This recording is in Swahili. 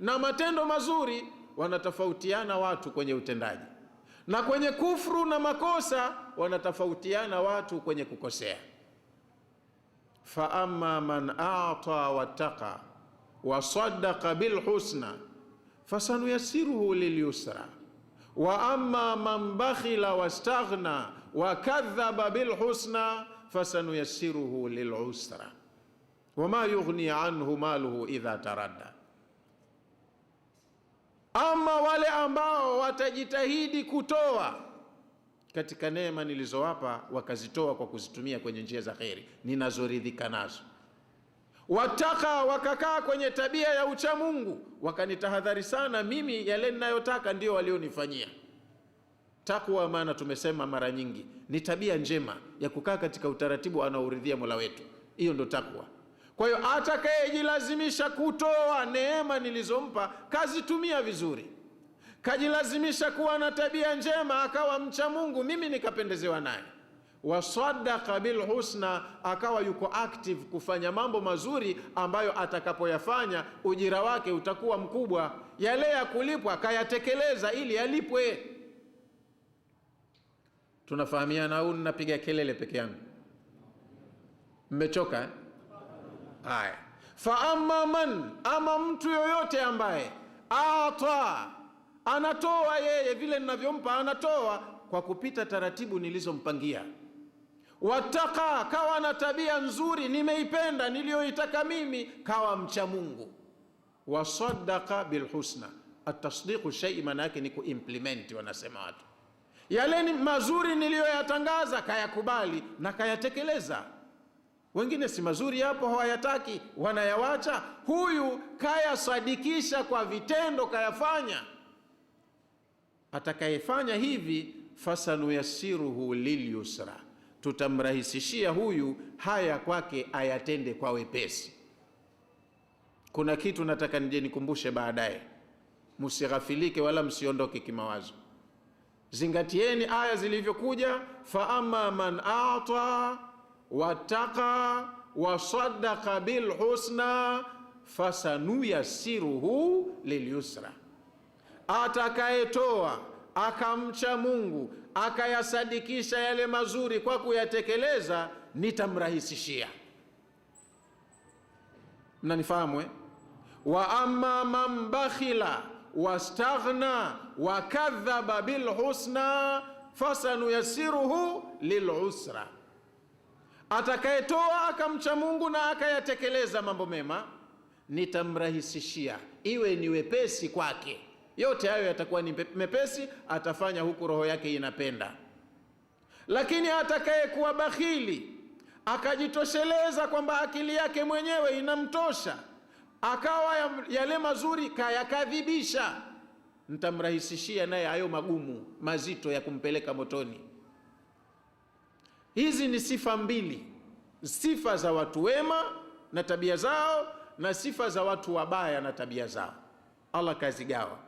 na matendo mazuri wanatofautiana watu kwenye utendaji, na kwenye kufru na makosa wanatofautiana watu kwenye kukosea. Fa amma man ata wattaqa wasaddaqa bilhusna fasanuyasiruhu lilyusra wa amma man bakhila wastaghna wakadhaba bilhusna fasanuyasiruhu lilusra wama yughni anhu maluhu idha taradda ama wale ambao watajitahidi kutoa katika neema nilizowapa, wakazitoa kwa kuzitumia kwenye njia za kheri ninazoridhika nazo, wataka wakakaa kwenye tabia ya ucha Mungu, wakanitahadhari sana mimi, yale ninayotaka ndio walionifanyia takwa. Maana tumesema mara nyingi, ni tabia njema ya kukaa katika utaratibu anaoridhia Mola wetu, hiyo ndio takwa. Kwa hiyo atakayejilazimisha kutoa neema nilizompa, kazitumia vizuri, kajilazimisha kuwa na tabia njema, akawa mcha Mungu, mimi nikapendezewa naye, wasadaka bilhusna, akawa yuko active kufanya mambo mazuri ambayo atakapoyafanya ujira wake utakuwa mkubwa, yale ya kulipwa kayatekeleza ili yalipwe Tunafahamiana au nnapiga kelele peke yangu? Mmechoka eh? Haya, fa amma man, ama mtu yoyote ambaye ata anatoa yeye vile ninavyompa, anatoa kwa kupita taratibu nilizompangia. Wataka, kawa na tabia nzuri, nimeipenda niliyoitaka mimi, kawa mcha Mungu. Wasadaka bilhusna, atasdiqu shai maana yake ni kuimplimenti, wanasema watu yale ni mazuri niliyoyatangaza, kayakubali na kayatekeleza wengine si mazuri yapo hawayataki, wanayawacha. Huyu kayasadikisha kwa vitendo, kayafanya. Atakayefanya hivi, fasanuyasiruhu lilyusra, tutamrahisishia huyu haya kwake ayatende kwa wepesi. Kuna kitu nataka nije nikumbushe baadaye, msighafilike wala msiondoke kimawazo. Zingatieni aya zilivyokuja, fa amma man ata wattaqa wasaddaqa bilhusna fasanuyasiruhu lilyusra, atakayetoa akamcha Mungu akayasadikisha yale mazuri kwa kuyatekeleza nitamrahisishia. Mnanifahamu eh? wa amma man bakhila wastaghna wakadhaba bilhusna fasanuyasiruhu lilusra Atakayetoa akamcha Mungu na akayatekeleza mambo mema, nitamrahisishia, iwe ni wepesi kwake. Yote hayo yatakuwa ni mepesi, atafanya huku roho yake inapenda. Lakini atakayekuwa bakhili akajitosheleza kwamba akili yake mwenyewe inamtosha, akawa yale mazuri kayakadhibisha, nitamrahisishia naye hayo magumu mazito ya kumpeleka motoni. Hizi ni sifa mbili, sifa za watu wema na tabia zao, na sifa za watu wabaya na tabia zao. Allah kazigawa.